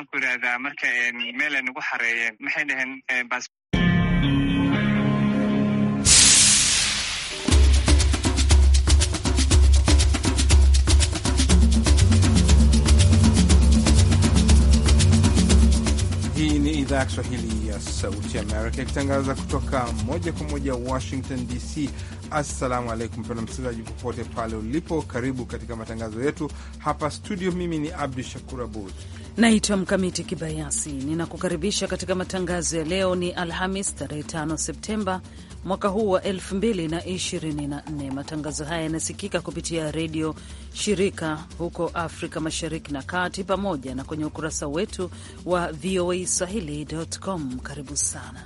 waxaan ku idhaahdaa marka ee, meel ay nagu xareeyeen maxay dhaheen ee, Hii ni idhaa ya Kiswahili ya Sauti Amerika ikitangaza kutoka moja kwa moja Washington DC. Assalamu alaikum pena msikilizaji, popote pale ulipo, karibu katika matangazo yetu hapa studio. Mimi ni Abdu Shakur Abud Naitwa Mkamiti Kibayasi, ninakukaribisha katika matangazo ya leo. Ni Alhamis tarehe 5 Septemba mwaka huu wa 2024. Matangazo haya yanasikika kupitia redio shirika huko Afrika Mashariki na Kati, pamoja na kwenye ukurasa wetu wa VOA Swahili.com. Karibu sana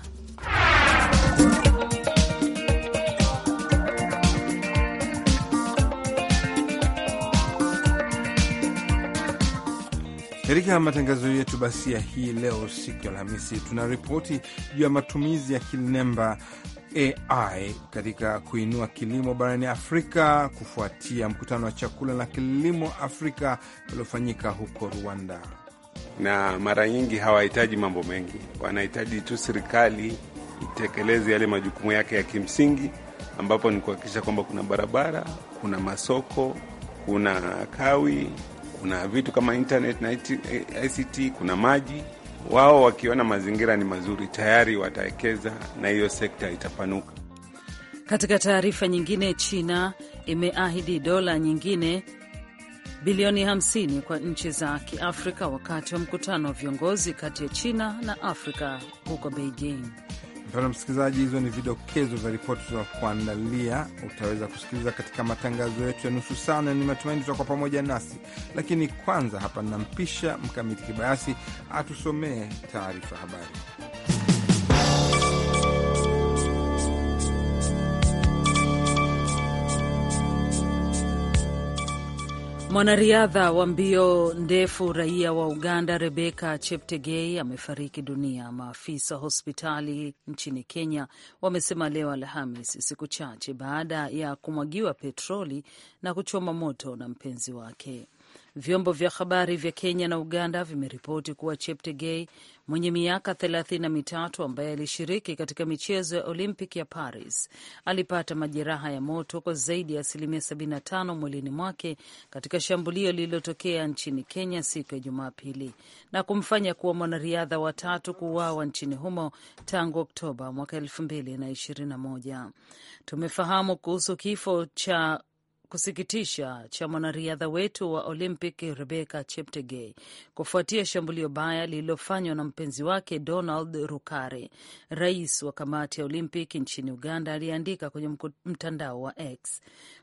Katika matangazo yetu basi ya hii leo, siku ya Alhamisi, tuna ripoti juu ya matumizi ya kinemba AI katika kuinua kilimo barani Afrika kufuatia mkutano wa chakula na kilimo Afrika uliofanyika huko Rwanda. Na mara nyingi hawahitaji mambo mengi, wanahitaji tu serikali itekeleze yale majukumu yake ya kimsingi, ambapo ni kuhakikisha kwamba kuna barabara, kuna masoko, kuna kawi kuna vitu kama internet na ICT, kuna maji. Wao wakiona mazingira ni mazuri tayari watawekeza na hiyo sekta itapanuka. Katika taarifa nyingine, China imeahidi dola nyingine bilioni 50 kwa nchi za Kiafrika wakati wa mkutano wa viongozi kati ya China na Afrika huko Beijing. Mpendwa msikilizaji, hizo ni vidokezo vya ripoti za kuandalia Utaweza kusikiliza katika matangazo yetu ya nusu sana ni matumaini tutakuwa pamoja nasi. Lakini kwanza hapa nampisha Mkamiti Kibayasi atusomee taarifa habari. Mwanariadha wa mbio ndefu raia wa Uganda Rebeka Cheptegei amefariki dunia, maafisa hospitali nchini Kenya wamesema leo Alhamis, siku chache baada ya kumwagiwa petroli na kuchoma moto na mpenzi wake. Vyombo vya habari vya Kenya na Uganda vimeripoti kuwa Cheptegei mwenye miaka thelathini na mitatu ambaye alishiriki katika michezo ya olympic ya Paris alipata majeraha ya moto kwa zaidi ya asilimia 75 mwilini mwake katika shambulio lililotokea nchini Kenya siku ya Jumapili na kumfanya kuwa mwanariadha watatu kuuawa nchini humo tangu Oktoba mwaka moja. Tumefahamu kuhusu kifo cha kusikitisha cha mwanariadha wetu wa Olympic Rebecca Cheptegei kufuatia shambulio baya lililofanywa na mpenzi wake Donald Rukare. Rais wa kamati ya Olympic nchini Uganda aliyeandika kwenye mtandao wa X,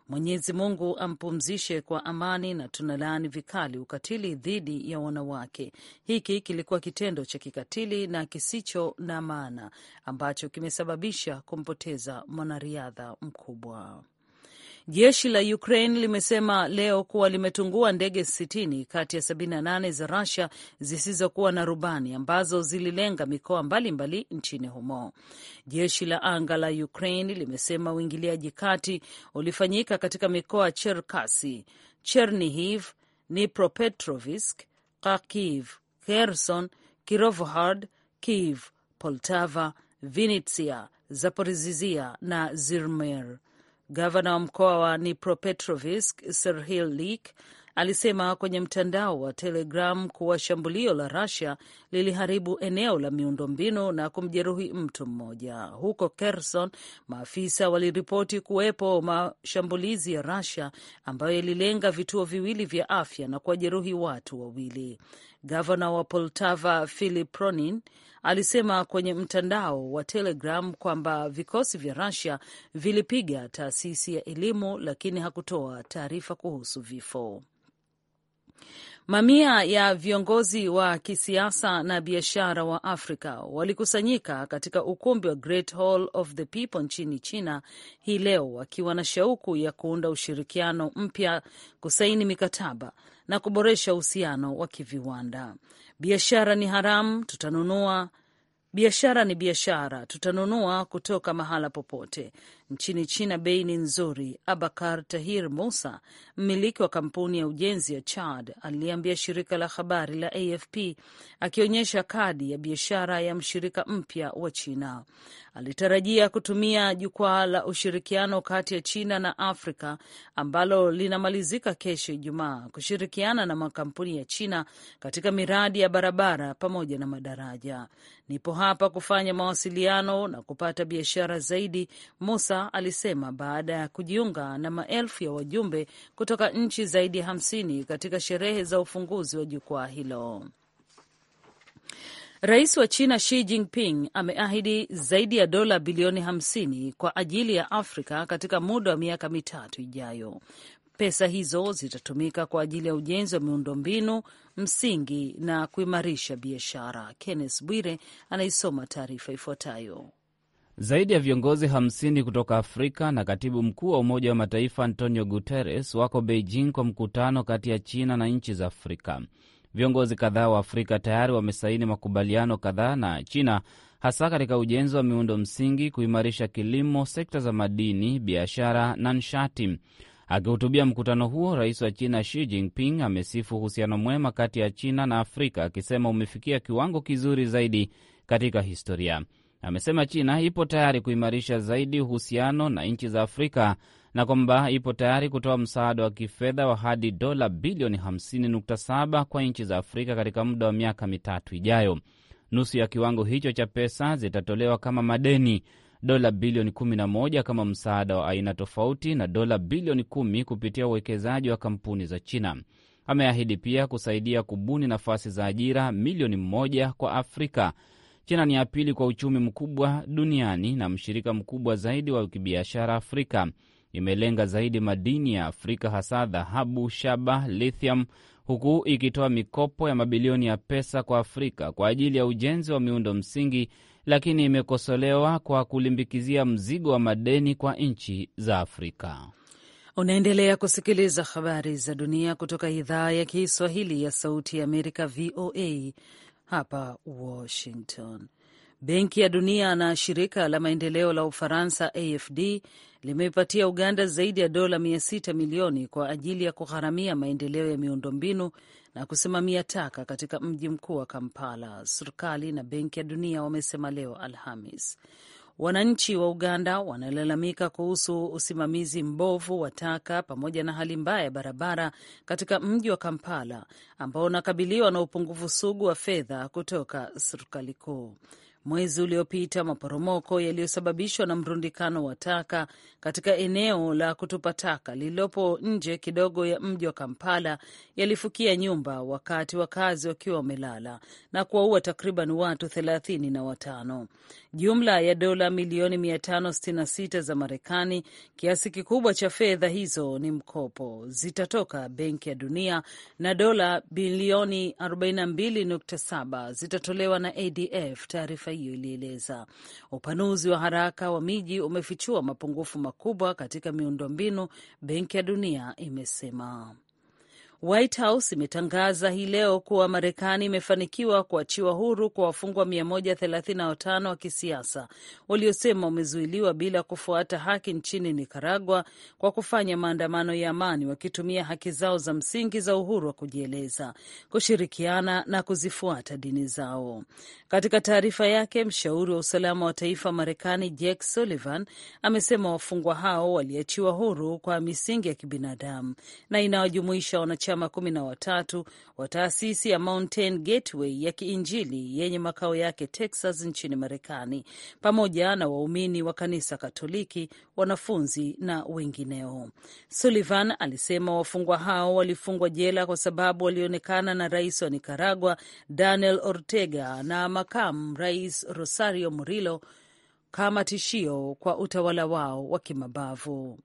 Mwenyezi Mungu ampumzishe kwa amani na tunalaani vikali ukatili dhidi ya wanawake. Hiki kilikuwa kitendo cha kikatili na kisicho na maana ambacho kimesababisha kumpoteza mwanariadha mkubwa. Jeshi la Ukraine limesema leo kuwa limetungua ndege 60 kati ya 78 za Russia zisizokuwa na rubani ambazo zililenga mikoa mbalimbali mbali nchini humo. Jeshi la anga la Ukraine limesema uingiliaji kati ulifanyika katika mikoa Cherkasi, Chernihiv, nipropetrovisk Kharkiv, Kherson, Kirovohrad, Kiev, Poltava, Vinitsia, Zaporizhia na Zirmer. Gavana wa mkoa wa nipropetrovisk serhil Lik alisema kwenye mtandao wa Telegram kuwa shambulio la Russia liliharibu eneo la miundombinu na kumjeruhi mtu mmoja. Huko Kherson, maafisa waliripoti kuwepo mashambulizi ya Russia ambayo yalilenga vituo viwili vya afya na kuwajeruhi watu wawili. Gavana wa Poltava Philip Pronin alisema kwenye mtandao wa Telegram kwamba vikosi vya Rusia vilipiga taasisi ya elimu, lakini hakutoa taarifa kuhusu vifo. Mamia ya viongozi wa kisiasa na biashara wa Afrika walikusanyika katika ukumbi wa Great Hall of the People nchini China hii leo wakiwa na shauku ya kuunda ushirikiano mpya, kusaini mikataba na kuboresha uhusiano wa kiviwanda. Biashara ni haramu, tutanunua Biashara ni biashara, tutanunua kutoka mahala popote. Nchini China bei ni nzuri. Abakar Tahir Musa, mmiliki wa kampuni ya ujenzi ya Chad, aliambia shirika la habari la AFP akionyesha kadi ya biashara ya mshirika mpya wa China. Alitarajia kutumia jukwaa la ushirikiano kati ya China na Afrika ambalo linamalizika kesho Ijumaa, kushirikiana na makampuni ya China katika miradi ya barabara pamoja na madaraja. Nipo hapa kufanya mawasiliano na kupata biashara zaidi, Musa alisema baada ya kujiunga na maelfu ya wajumbe kutoka nchi zaidi ya hamsini katika sherehe za ufunguzi wa jukwaa hilo. Rais wa China Xi Jinping ameahidi zaidi ya dola bilioni 50 kwa ajili ya Afrika katika muda wa miaka mitatu ijayo. Pesa hizo zitatumika kwa ajili ya ujenzi wa miundombinu msingi na kuimarisha biashara. Kenneth Bwire anaisoma taarifa ifuatayo. Zaidi ya viongozi 50 kutoka Afrika na katibu mkuu wa Umoja wa Mataifa Antonio Guterres wako Beijing kwa mkutano kati ya China na nchi za Afrika. Viongozi kadhaa wa Afrika tayari wamesaini makubaliano kadhaa na China, hasa katika ujenzi wa miundo msingi, kuimarisha kilimo, sekta za madini, biashara na nishati. Akihutubia mkutano huo, rais wa China Xi Jinping amesifu uhusiano mwema kati ya China na Afrika, akisema umefikia kiwango kizuri zaidi katika historia. Amesema China ipo tayari kuimarisha zaidi uhusiano na nchi za Afrika na kwamba ipo tayari kutoa msaada wa kifedha wa hadi dola bilioni 50.7 kwa nchi za Afrika katika muda wa miaka mitatu ijayo. Nusu ya kiwango hicho cha pesa zitatolewa kama madeni, dola bilioni 11 kama msaada wa aina tofauti na dola bilioni 10 kupitia uwekezaji wa kampuni za China. Ameahidi pia kusaidia kubuni nafasi za ajira milioni moja kwa Afrika China ni ya pili kwa uchumi mkubwa duniani na mshirika mkubwa zaidi wa kibiashara Afrika. Imelenga zaidi madini ya Afrika, hasa dhahabu, shaba, lithium, huku ikitoa mikopo ya mabilioni ya pesa kwa Afrika kwa ajili ya ujenzi wa miundo msingi, lakini imekosolewa kwa kulimbikizia mzigo wa madeni kwa nchi za Afrika. Unaendelea kusikiliza habari za dunia kutoka idhaa ya Kiswahili ya Sauti ya Amerika, VOA, hapa Washington. Benki ya Dunia na shirika la maendeleo la Ufaransa AFD limeipatia Uganda zaidi ya dola sita milioni kwa ajili ya kugharamia maendeleo ya miundombinu na kusimamia taka katika mji mkuu wa Kampala, serikali na Benki ya Dunia wamesema leo Alhamis. Wananchi wa Uganda wanalalamika kuhusu usimamizi mbovu wa taka pamoja na hali mbaya ya barabara katika mji wa Kampala ambao unakabiliwa na upungufu sugu wa fedha kutoka serikali kuu. Mwezi uliopita maporomoko yaliyosababishwa na mrundikano wa taka katika eneo la kutupa taka lililopo nje kidogo ya mji wa Kampala yalifukia nyumba, wakati wakazi wakiwa wamelala na kuwaua takriban watu thelathini na watano. Jumla ya dola milioni 566 za Marekani, kiasi kikubwa cha fedha hizo ni mkopo, zitatoka Benki ya Dunia na dola bilioni 42.7 zitatolewa na ADF. Taarifa taarifa hiyo ilieleza. Upanuzi wa haraka wa miji umefichua mapungufu makubwa katika miundombinu, Benki ya Dunia imesema. White House imetangaza hii leo kuwa Marekani imefanikiwa kuachiwa huru kwa wafungwa 135 wa kisiasa waliosema wamezuiliwa bila kufuata haki nchini Nicaragua kwa kufanya maandamano ya amani wakitumia haki zao za msingi za uhuru wa kujieleza, kushirikiana na kuzifuata dini zao. Katika taarifa yake, mshauri wa usalama wa taifa Marekani Jake Sullivan amesema wafungwa hao waliachiwa huru kwa misingi ya kibinadamu na inawajumuisha wanachama wanachama kumi na watatu wa taasisi ya Mountain Gateway ya Kiinjili yenye makao yake Texas nchini Marekani, pamoja na waumini wa kanisa Katoliki, wanafunzi na wengineo. Sullivan alisema wafungwa hao walifungwa jela kwa sababu walionekana na rais wa Nicaragua Daniel Ortega na makamu rais Rosario Murillo kama tishio kwa utawala wao wa kimabavu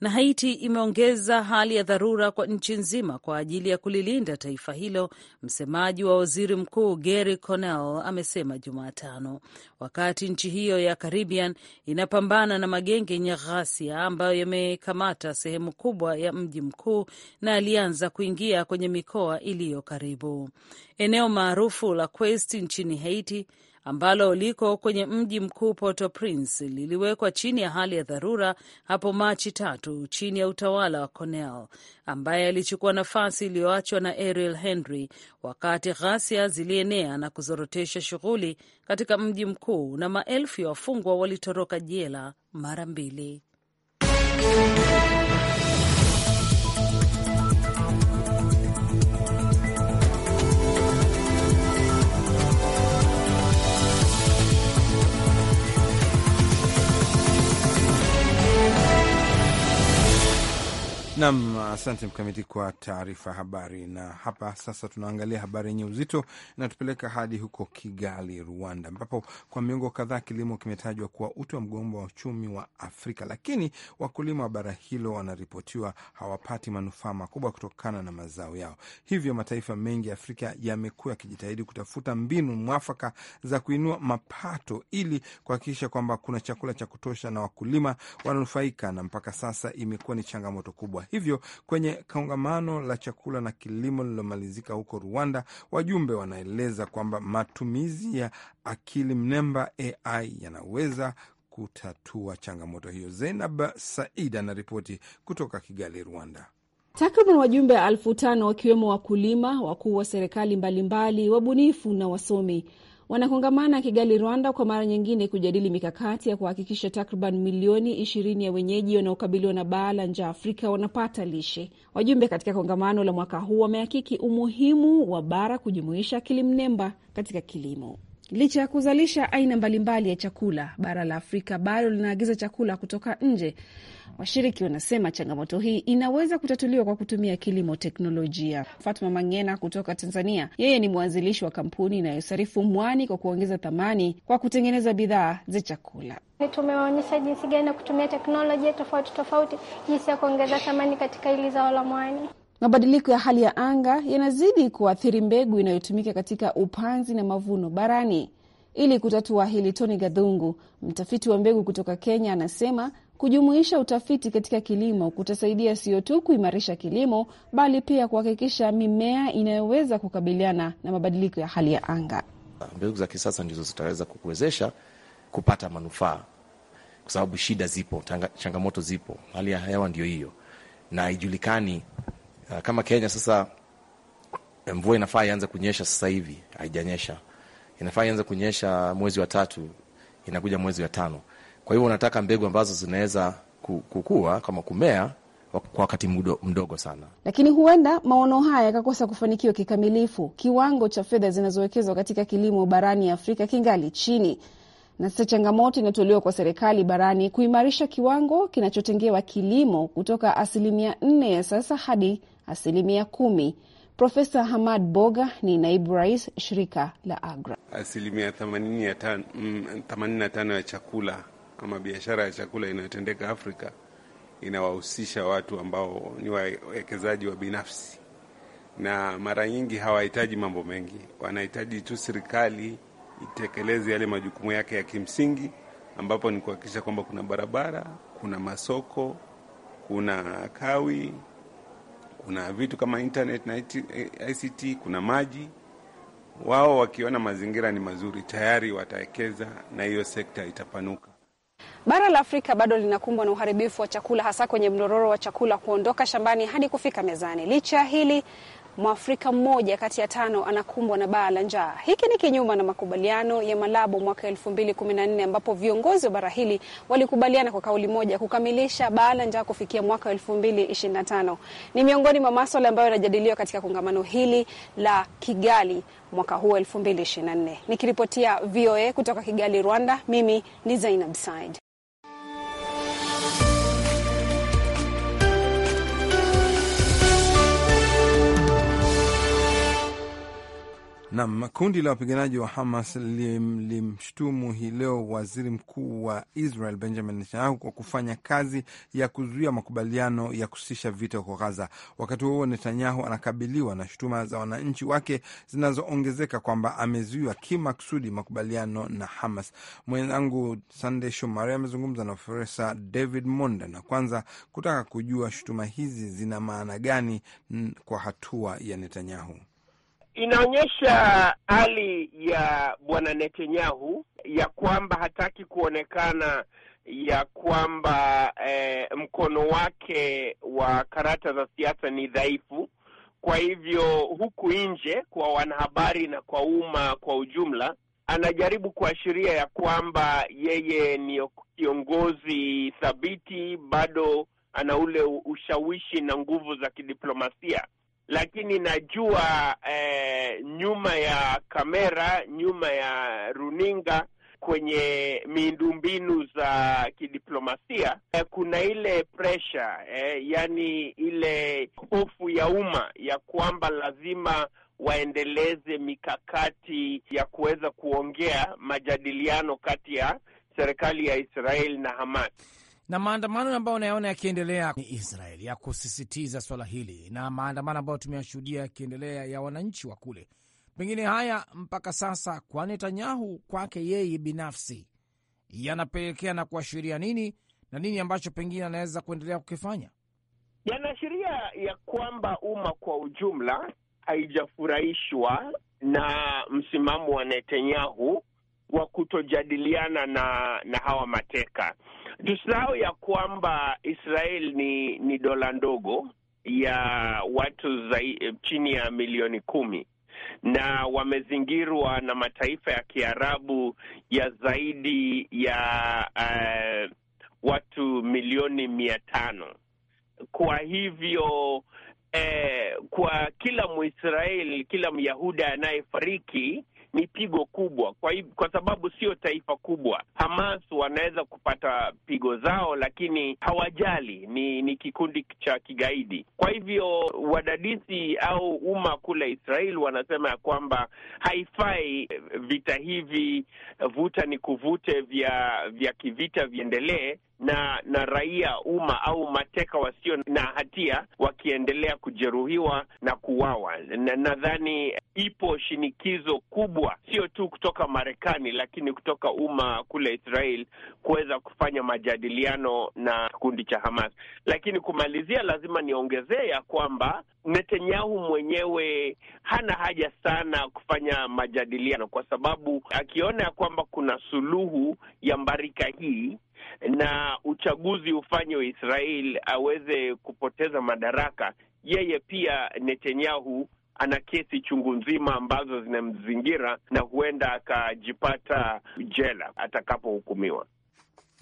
na Haiti imeongeza hali ya dharura kwa nchi nzima kwa ajili ya kulilinda taifa hilo, msemaji wa waziri mkuu Gary Connell amesema Jumatano, wakati nchi hiyo ya Caribbean inapambana na magenge yenye ghasia ambayo yamekamata sehemu kubwa ya mji mkuu na alianza kuingia kwenye mikoa iliyo karibu. Eneo maarufu la Quest nchini Haiti ambalo liko kwenye mji mkuu porto prince liliwekwa chini ya hali ya dharura hapo Machi tatu chini ya utawala wa Conel ambaye alichukua nafasi iliyoachwa na Ariel Henry wakati ghasia zilienea na kuzorotesha shughuli katika mji mkuu na maelfu ya wafungwa walitoroka jela mara mbili. Nam, asante Mkamiti kwa taarifa habari. Na hapa sasa tunaangalia habari yenye uzito, inatupeleka hadi huko Kigali, Rwanda, ambapo kwa miongo kadhaa kilimo kimetajwa kuwa uti wa mgongo wa uchumi wa Afrika, lakini wakulima wa bara hilo wanaripotiwa hawapati manufaa makubwa kutokana na mazao yao. Hivyo mataifa mengi ya Afrika yamekuwa yakijitahidi kutafuta mbinu mwafaka za kuinua mapato ili kuhakikisha kwamba kuna chakula cha kutosha na wakulima wananufaika, na mpaka sasa imekuwa ni changamoto kubwa hivyo kwenye kongamano la chakula na kilimo lililomalizika huko Rwanda, wajumbe wanaeleza kwamba matumizi ya akili mnemba AI yanaweza kutatua changamoto hiyo. Zeinab Said anaripoti kutoka Kigali, Rwanda. Takriban wajumbe elfu tano wakiwemo wakulima, wakuu wa serikali mbalimbali, wabunifu na wasomi wanakongamana Kigali, Rwanda, kwa mara nyingine kujadili mikakati ya kuhakikisha takriban milioni ishirini ya wenyeji wanaokabiliwa na baa la njaa Afrika wanapata lishe. Wajumbe katika kongamano la mwaka huu wamehakiki umuhimu wa bara kujumuisha akili mnemba katika kilimo. Licha ya kuzalisha aina mbalimbali ya chakula, bara la Afrika bado linaagiza chakula kutoka nje. Washiriki wanasema changamoto hii inaweza kutatuliwa kwa kutumia kilimo teknolojia. Fatma Mangena kutoka Tanzania, yeye ni mwanzilishi wa kampuni inayosarifu mwani kwa kuongeza thamani kwa kutengeneza bidhaa za chakula. Tumewaonyesha jinsi gani ya kutumia teknolojia tofauti tofauti, jinsi ya kuongeza thamani katika hili zao la mwani. Mabadiliko ya hali ya anga yanazidi kuathiri mbegu inayotumika katika upanzi na mavuno barani. Ili kutatua hili, Tony Gadhungu, mtafiti wa mbegu kutoka Kenya, anasema kujumuisha utafiti katika kilimo kutasaidia sio tu kuimarisha kilimo, bali pia kuhakikisha mimea inayoweza kukabiliana na mabadiliko ya hali ya anga. Mbegu za kisasa ndizo zitaweza kukuwezesha kupata manufaa, kwa sababu shida zipo, changamoto zipo, hali ya hewa ndio hiyo na haijulikani Ah, kama Kenya sasa, eh, mvua inafaa ianze kunyesha sasa hivi, haijanyesha. Inafaa ianze kunyesha mwezi wa tatu, inakuja mwezi wa tano. Kwa hivyo unataka mbegu ambazo zinaweza kukua kama kumea kwa wakati mdogo sana. Lakini huenda maono haya yakakosa kufanikiwa kikamilifu. Kiwango cha fedha zinazowekezwa katika kilimo barani Afrika kingali chini, na sasa changamoto inatolewa kwa serikali barani kuimarisha kiwango kinachotengewa kilimo kutoka asilimia nne ya sasa hadi asilimia kumi. Profesa Hamad Boga ni naibu rais shirika la AGRA. Asilimia mm, themanini na tano ya chakula ama biashara ya chakula inayotendeka Afrika inawahusisha watu ambao ni wawekezaji wa binafsi, na mara nyingi hawahitaji mambo mengi, wanahitaji tu serikali itekeleze yale majukumu yake ya kimsingi, ambapo ni kuhakikisha kwamba kuna barabara, kuna masoko, kuna kawi kuna vitu kama internet na ICT, kuna maji. Wao wakiona mazingira ni mazuri tayari watawekeza na hiyo sekta itapanuka. Bara la Afrika bado linakumbwa na uharibifu wa chakula, hasa kwenye mdororo wa chakula kuondoka shambani hadi kufika mezani. Licha ya hili, Mwafrika mmoja kati ya tano anakumbwa na baa la njaa. Hiki ni kinyuma na makubaliano ya Malabo mwaka elfu mbili kumi na nne ambapo viongozi wa bara hili walikubaliana kwa kauli moja kukamilisha baa la njaa kufikia mwaka elfu mbili na tano. Ni miongoni mwa maswala ambayo yanajadiliwa katika kongamano hili la Kigali mwaka huu elfu mbili na nne. Nikiripotia VOA kutoka Kigali, Rwanda, mimi ni Zainab Said. Nam, kundi la wapiganaji wa Hamas lim hii leo waziri mkuu wa Israel Benjamin Netanyahu kwa kufanya kazi ya kuzuia makubaliano ya kusitisha vita huko ghaza Wakati huo Netanyahu anakabiliwa na shutuma za wananchi wake zinazoongezeka kwamba amezuiwa kimakusudi makubaliano na Hamas. Mwenzangu Sandey Shomari amezungumza na Profesa David Monda na kwanza kutaka kujua shutuma hizi zina maana gani kwa hatua ya Netanyahu inaonyesha hali ya bwana Netanyahu ya kwamba hataki kuonekana ya kwamba eh, mkono wake wa karata za siasa ni dhaifu. Kwa hivyo huku nje kwa wanahabari na kwa umma kwa ujumla, anajaribu kuashiria ya kwamba yeye ni kiongozi thabiti, bado ana ule ushawishi na nguvu za kidiplomasia lakini najua eh, nyuma ya kamera, nyuma ya runinga, kwenye miundombinu za kidiplomasia eh, kuna ile pressure eh, yani ile hofu ya umma ya kwamba lazima waendeleze mikakati ya kuweza kuongea majadiliano kati ya serikali ya Israel na Hamas na maandamano ambayo unayaona yakiendelea ni Israel ya kusisitiza swala hili na maandamano ambayo tumeyashuhudia yakiendelea ya wananchi wa kule, pengine haya mpaka sasa kwa Netanyahu kwake yeye binafsi yanapelekea na kuashiria nini na nini ambacho pengine anaweza kuendelea kukifanya, yanaashiria ya kwamba umma kwa ujumla haijafurahishwa na msimamo wa Netanyahu wa kutojadiliana na, na hawa mateka Tusahau ya kwamba Israel ni ni dola ndogo ya watu zai, chini ya milioni kumi na wamezingirwa na mataifa ya Kiarabu ya zaidi ya uh, watu milioni mia tano. Kwa hivyo eh, kwa kila Mwisraeli, kila Myahudi anayefariki ni pigo kubwa, kwa kwa sababu sio taifa kubwa. Hamas wanaweza kupata pigo zao, lakini hawajali, ni ni kikundi cha kigaidi. Kwa hivyo wadadisi au umma kule Israel wanasema ya kwamba haifai vita hivi vuta ni kuvute vya vya kivita viendelee, na na raia umma au mateka wasio na hatia wakiendelea kujeruhiwa na kuwawa. Na nadhani ipo shinikizo kubwa, sio tu kutoka Marekani, lakini kutoka umma kule Israel kuweza kufanya majadiliano na kikundi cha Hamas. Lakini kumalizia, lazima niongezee ya kwamba Netanyahu mwenyewe hana haja sana kufanya majadiliano, kwa sababu akiona ya kwamba kuna suluhu ya mbarika hii na uchaguzi ufanye Israel aweze kupoteza madaraka, yeye pia Netanyahu ana kesi chungu nzima ambazo zinamzingira na huenda akajipata jela atakapohukumiwa.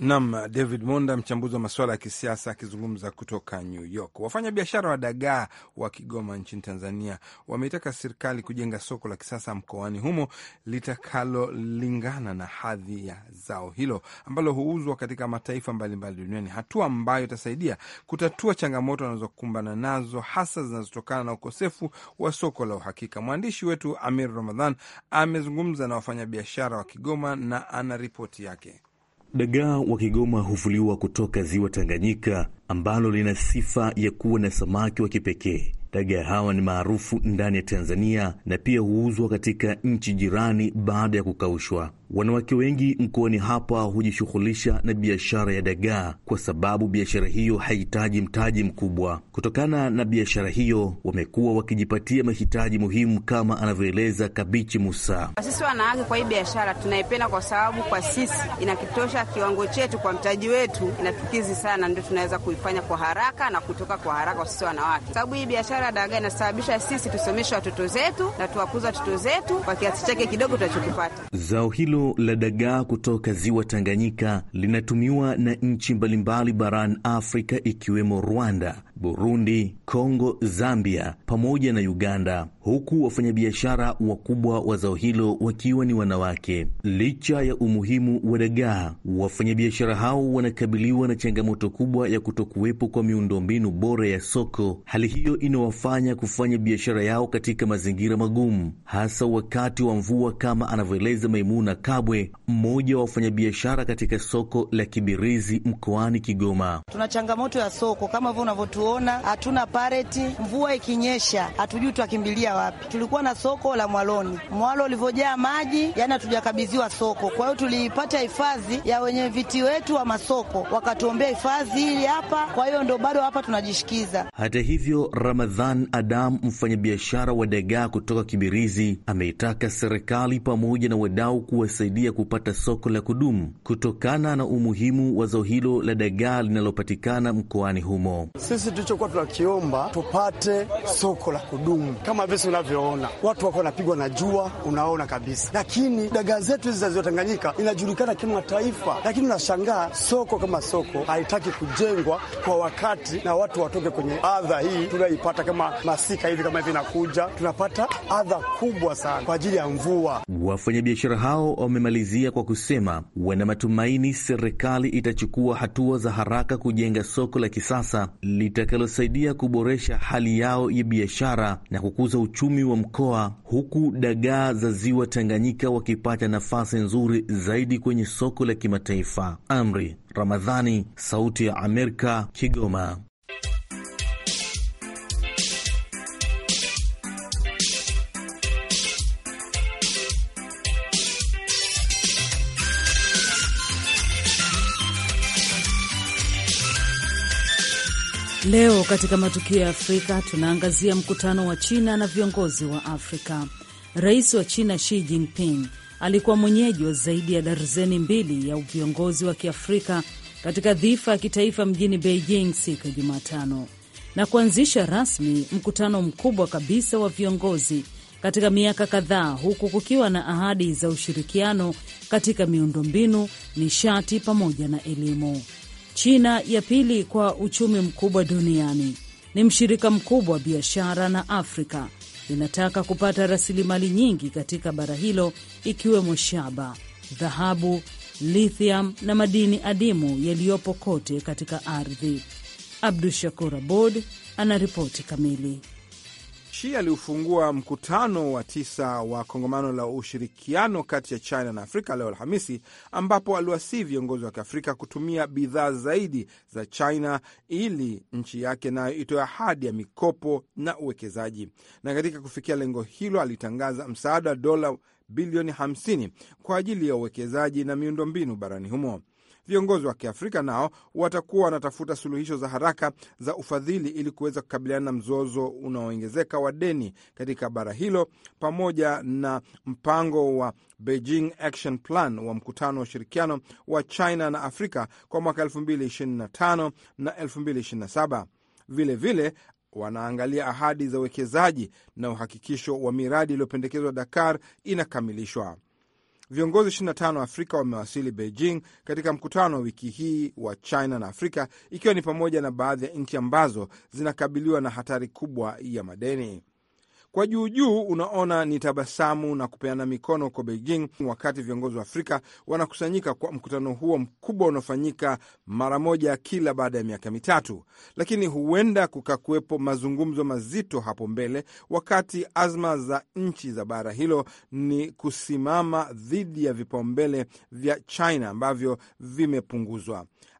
Nam David Monda, mchambuzi wa masuala ya kisiasa, akizungumza kutoka New York. Wafanyabiashara wa dagaa wa Kigoma nchini Tanzania wameitaka serikali kujenga soko la kisasa mkoani humo litakalolingana na hadhi ya zao hilo ambalo huuzwa katika mataifa mbalimbali duniani, hatua ambayo itasaidia kutatua changamoto wanazokumbana nazo hasa zinazotokana na ukosefu wa soko la uhakika. Mwandishi wetu Amir Ramadhan amezungumza na wafanyabiashara wa Kigoma na ana ripoti yake. Dagaa wa Kigoma huvuliwa kutoka ziwa Tanganyika ambalo lina sifa ya kuwa na samaki wa kipekee. Dagaa hawa ni maarufu ndani ya Tanzania na pia huuzwa katika nchi jirani baada ya kukaushwa. Wanawake wengi mkoani hapa hujishughulisha na biashara ya dagaa kwa sababu biashara hiyo haihitaji mtaji mkubwa. Kutokana na biashara hiyo, wamekuwa wakijipatia mahitaji muhimu, kama anavyoeleza Kabichi Musa. Sisi wanawake kwa hii biashara tunaipenda kwa sababu kwa sisi inakitosha kiwango chetu, kwa mtaji wetu inatukizi sana, ndio tunaweza kuifanya kwa haraka na kutoka kwa haraka sisi wanawake, kwa sababu hii biashara ya dagaa inasababisha sisi tusomeshe watoto zetu na tuwakuza watoto zetu kwa kiasi chake kidogo tunachokipata. Zao hilo Neno la dagaa kutoka ziwa Tanganyika linatumiwa na nchi mbalimbali barani Afrika ikiwemo Rwanda Burundi, Kongo, Zambia pamoja na Uganda, huku wafanyabiashara wakubwa wa zao hilo wakiwa ni wanawake. Licha ya umuhimu wa dagaa, wafanyabiashara hao wanakabiliwa na changamoto kubwa ya kutokuwepo kwa miundombinu bora ya soko. Hali hiyo inawafanya kufanya biashara yao katika mazingira magumu, hasa wakati wa mvua, kama anavyoeleza Maimuna Kabwe, mmoja wa wafanyabiashara katika soko la Kibirizi mkoani Kigoma. Tuna changamoto ya soko kama vile unavyotuona kuona, hatuna pareti. Mvua ikinyesha hatujui tuakimbilia wapi. Tulikuwa na soko la Mwaloni, mwalo ulivyojaa maji, yani hatujakabidhiwa soko. Kwa hiyo tuliipata hifadhi ya wenye viti wetu wa masoko, wakatuombea hifadhi hili hapa. Kwa hiyo ndo bado hapa tunajishikiza. Hata hivyo, Ramadhan Adam, mfanyabiashara wa dagaa kutoka Kibirizi, ameitaka serikali pamoja na wadau kuwasaidia kupata soko la kudumu kutokana na umuhimu wa zao hilo la dagaa linalopatikana mkoani humo. Sisi tulichokuwa tunakiomba tupate soko la kudumu kama visi unavyoona watu wako wanapigwa na jua, unaona kabisa. Lakini dagaa zetu hizi za ziwa Tanganyika inajulikana kimataifa, lakini unashangaa soko kama soko haitaki kujengwa kwa wakati na watu watoke kwenye adha hii tunaipata kama masika hivi, kama hivi inakuja, tunapata adha kubwa sana kwa ajili ya mvua. Wafanyabiashara hao wamemalizia kwa kusema wana matumaini serikali itachukua hatua za haraka kujenga soko la kisasa lita litakalosaidia kuboresha hali yao ya biashara na kukuza uchumi wa mkoa, huku dagaa za ziwa Tanganyika wakipata nafasi nzuri zaidi kwenye soko la kimataifa. Amri Ramadhani, Sauti ya Amerika, Kigoma. Leo katika matukio ya Afrika tunaangazia mkutano wa China na viongozi wa Afrika. Rais wa China Xi Jinping alikuwa mwenyeji wa zaidi ya darzeni mbili ya viongozi wa Kiafrika katika dhifa ya kitaifa mjini Beijing siku ya Jumatano na kuanzisha rasmi mkutano mkubwa kabisa wa viongozi katika miaka kadhaa, huku kukiwa na ahadi za ushirikiano katika miundombinu, nishati pamoja na elimu. China ya pili kwa uchumi mkubwa duniani ni mshirika mkubwa wa biashara na Afrika inataka kupata rasilimali nyingi katika bara hilo ikiwemo shaba, dhahabu, lithium na madini adimu yaliyopo kote katika ardhi. Abdu Shakur Abod ana ripoti kamili. Shi aliufungua mkutano wa tisa wa kongamano la ushirikiano kati ya China na Afrika leo Alhamisi, ambapo aliwasii viongozi wa kiafrika kutumia bidhaa zaidi za China ili nchi yake nayo itoe ahadi ya mikopo na uwekezaji. Na katika kufikia lengo hilo, alitangaza msaada wa dola bilioni 50 kwa ajili ya uwekezaji na miundombinu barani humo. Viongozi wa Kiafrika nao watakuwa wanatafuta suluhisho za haraka za ufadhili ili kuweza kukabiliana na mzozo unaoongezeka wa deni katika bara hilo, pamoja na mpango wa Beijing Action Plan wa mkutano wa ushirikiano wa China na Afrika kwa mwaka 2025 na 2027. Vilevile wanaangalia ahadi za uwekezaji na uhakikisho wa miradi iliyopendekezwa Dakar inakamilishwa. Viongozi 25 wa Afrika wamewasili Beijing katika mkutano wa wiki hii wa China na Afrika, ikiwa ni pamoja na baadhi ya nchi ambazo zinakabiliwa na hatari kubwa ya madeni. Kwa juujuu unaona ni tabasamu na kupeana mikono huko Beijing, wakati viongozi wa Afrika wanakusanyika kwa mkutano huo mkubwa unaofanyika mara moja kila baada ya miaka mitatu, lakini huenda kukakuwepo mazungumzo mazito hapo mbele, wakati azma za nchi za bara hilo ni kusimama dhidi ya vipaumbele vya China ambavyo vimepunguzwa.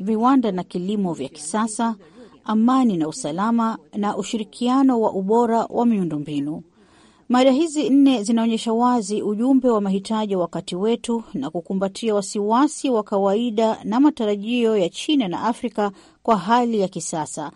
viwanda na kilimo vya kisasa, amani na usalama, na ushirikiano wa ubora wa miundombinu. Mada hizi nne zinaonyesha wazi ujumbe wa mahitaji wakati wetu na kukumbatia wasiwasi wa kawaida na matarajio ya China na Afrika kwa hali ya kisasa,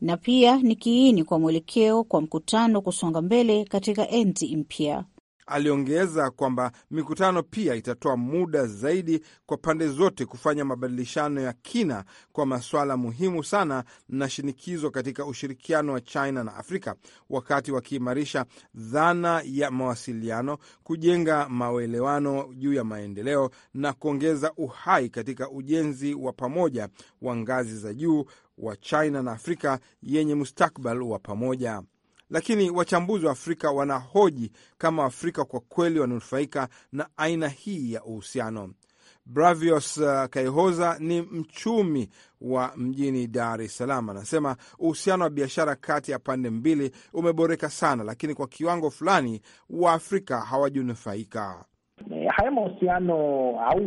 na pia ni kiini kwa mwelekeo kwa mkutano kusonga mbele katika enzi mpya. Aliongeza kwamba mikutano pia itatoa muda zaidi kwa pande zote kufanya mabadilishano ya kina kwa masuala muhimu sana na shinikizo katika ushirikiano wa China na Afrika, wakati wakiimarisha dhana ya mawasiliano, kujenga maelewano juu ya maendeleo na kuongeza uhai katika ujenzi wa pamoja wa ngazi za juu wa China na Afrika yenye mustakbal wa pamoja lakini wachambuzi wa Afrika wanahoji kama Waafrika kwa kweli wananufaika na aina hii ya uhusiano. Bravios uh, Kaihoza ni mchumi wa mjini Dar es Salaam, anasema uhusiano wa biashara kati ya pande mbili umeboreka sana, lakini kwa kiwango fulani Waafrika hawajunufaika haya mahusiano au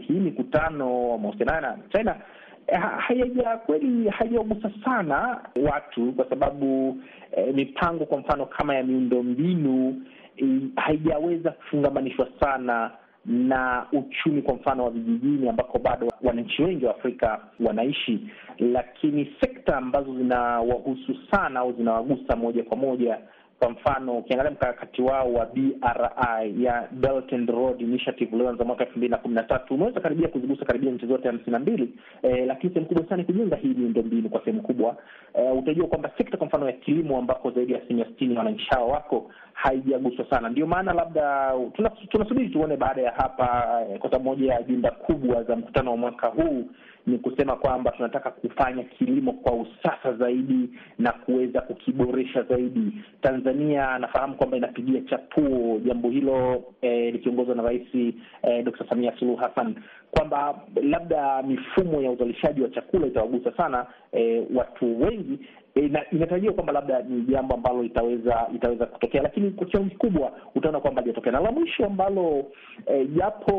hii mikutano mahusiano haya na China Eh, hayaja kweli hajagusa sana watu kwa sababu eh, mipango kwa mfano kama ya miundombinu eh, haijaweza kufungamanishwa sana na uchumi kwa mfano wa vijijini ambako bado wananchi wengi wa Afrika wanaishi, lakini sekta ambazo zinawahusu sana au zinawagusa moja kwa moja kwa mfano ukiangalia mkakati wao wa BRI ya Belt and Road Initiative ulioanza mwaka elfu mbili na kumi na tatu umeweza karibia kuzigusa karibia nchi zote hamsini na mbili eh, lakini sehemu kubwa sana kujenga hii miundo mbinu kwa sehemu kubwa eh, utajua kwamba sekta kwa mfano ya kilimo ambako zaidi ya asilimia sitini ya wananchi hawa wako haijaguswa sana. Ndio maana labda tunasubiri tuna tuone baada ya hapa eh, kwa sababu moja ya ajenda kubwa za mkutano wa mwaka huu ni kusema kwamba tunataka kufanya kilimo kwa usasa zaidi na kuweza kukiboresha zaidi. Tanzania anafahamu kwamba inapigia chapuo jambo hilo eh, likiongozwa na Rais eh, Dkt. Samia Suluhu Hassan kwamba labda mifumo ya uzalishaji wa chakula itawagusa sana eh, watu wengi Eh, inatarajiwa kwamba labda ni jambo ambalo itaweza itaweza kutokea, lakini kwa kiwango kikubwa utaona kwamba hajatokea. Na la mwisho ambalo eh, japo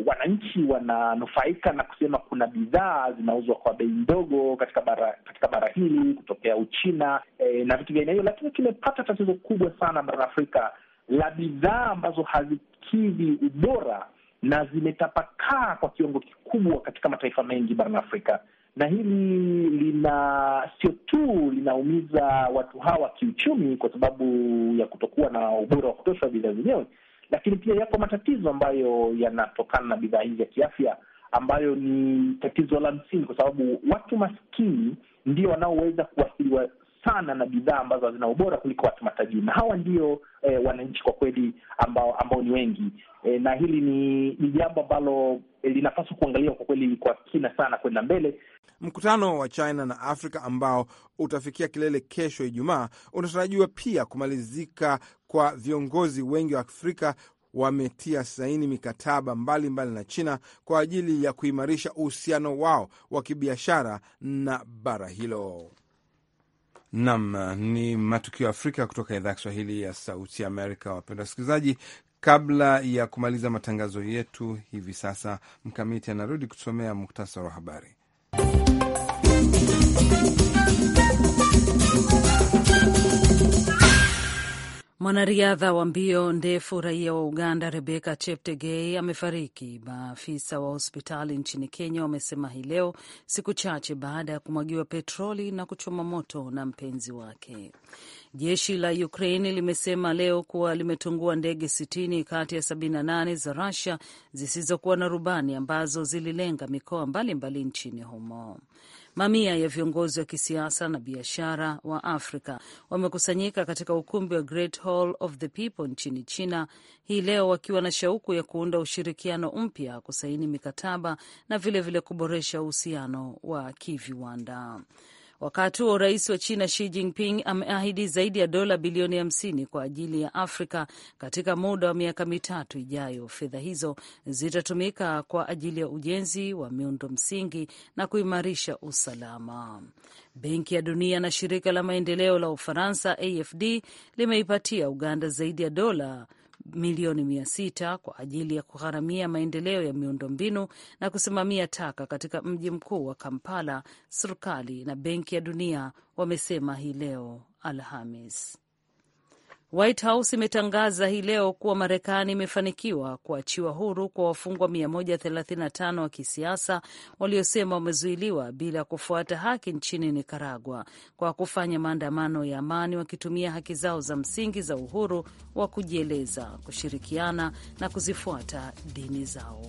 e, wananchi wananufaika na kusema kuna bidhaa zinauzwa kwa bei ndogo katika bara katika bara hili kutokea Uchina e, na vitu vya aina hiyo, lakini kimepata tatizo kubwa sana barani Afrika la bidhaa ambazo hazikidhi ubora na zimetapakaa kwa kiwango kikubwa katika mataifa mengi barani Afrika, na hili lina sio tu linaumiza watu hawa kiuchumi kwa sababu ya kutokuwa na ubora wa kutosha wa bidhaa zenyewe, lakini pia yako matatizo ambayo yanatokana na bidhaa hizi ya kiafya ambayo ni tatizo la msingi, kwa sababu watu maskini ndio wanaoweza kuathiriwa sana na bidhaa ambazo hazina ubora kuliko watu matajiri, na hawa ndio e, wananchi kwa kweli ambao ambao ni wengi e, na hili ni ni jambo ambalo e, linapaswa kuangaliwa kwa kweli kwa kina sana kwenda mbele. Mkutano wa China na Afrika ambao utafikia kilele kesho Ijumaa unatarajiwa pia kumalizika kwa viongozi wengi wa Afrika wametia saini mikataba mbalimbali mbali na China kwa ajili ya kuimarisha uhusiano wao wa kibiashara na bara hilo. Nam ni matukio ya Afrika kutoka idhaa ya Kiswahili ya Sauti Amerika. Wapenda wasikilizaji, kabla ya kumaliza matangazo yetu hivi sasa, Mkamiti anarudi kutusomea muktasari wa habari. Mwanariadha wa mbio ndefu raia wa Uganda Rebeka Cheptegei amefariki, maafisa wa hospitali nchini Kenya wamesema hii leo, siku chache baada ya kumwagiwa petroli na kuchoma moto na mpenzi wake. Jeshi la Ukraini limesema leo kuwa limetungua ndege 60 kati ya 78 za Rusia zisizokuwa na rubani ambazo zililenga mikoa mbalimbali mbali nchini humo. Mamia ya viongozi wa kisiasa na biashara wa Afrika wamekusanyika katika ukumbi wa Great Hall of the People nchini China hii leo wakiwa na shauku ya kuunda ushirikiano mpya, kusaini mikataba na vilevile vile kuboresha uhusiano wa kiviwanda. Wakati huo rais wa China Xi Jinping ameahidi zaidi ya dola bilioni hamsini kwa ajili ya Afrika katika muda wa miaka mitatu ijayo. Fedha hizo zitatumika kwa ajili ya ujenzi wa miundo msingi na kuimarisha usalama. Benki ya Dunia na shirika la maendeleo la Ufaransa AFD limeipatia Uganda zaidi ya dola milioni mia sita kwa ajili ya kugharamia maendeleo ya miundombinu na kusimamia taka katika mji mkuu wa Kampala, serikali na Benki ya Dunia wamesema hii leo Alhamis. White House imetangaza hii leo kuwa Marekani imefanikiwa kuachiwa huru kwa wafungwa 135 wa kisiasa waliosema wamezuiliwa bila kufuata haki nchini Nicaragua kwa kufanya maandamano ya amani wakitumia haki zao za msingi za uhuru wa kujieleza, kushirikiana na kuzifuata dini zao.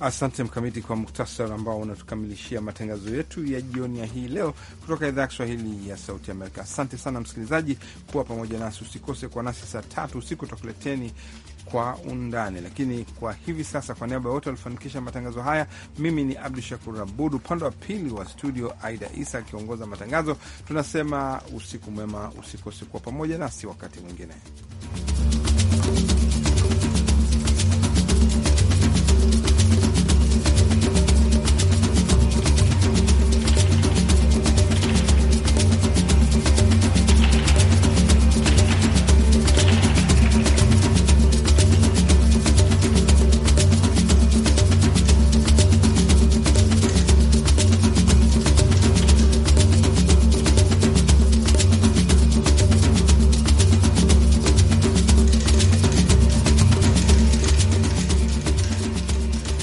Asante Mkamiti kwa muktasar ambao unatukamilishia matangazo yetu ya jioni ya hii leo kutoka idhaa ya Kiswahili ya Sauti Amerika. Asante sana msikilizaji kuwa pamoja nasi. Usikose kwa nasi saa tatu usiku tutakuleteni kwa undani, lakini kwa hivi sasa, kwa niaba ya wote walifanikisha matangazo haya, mimi ni Abdu Shakur Abud, upande wa pili wa studio Aida Isa akiongoza matangazo. Tunasema usiku mwema, usikose kuwa pamoja nasi wakati mwingine.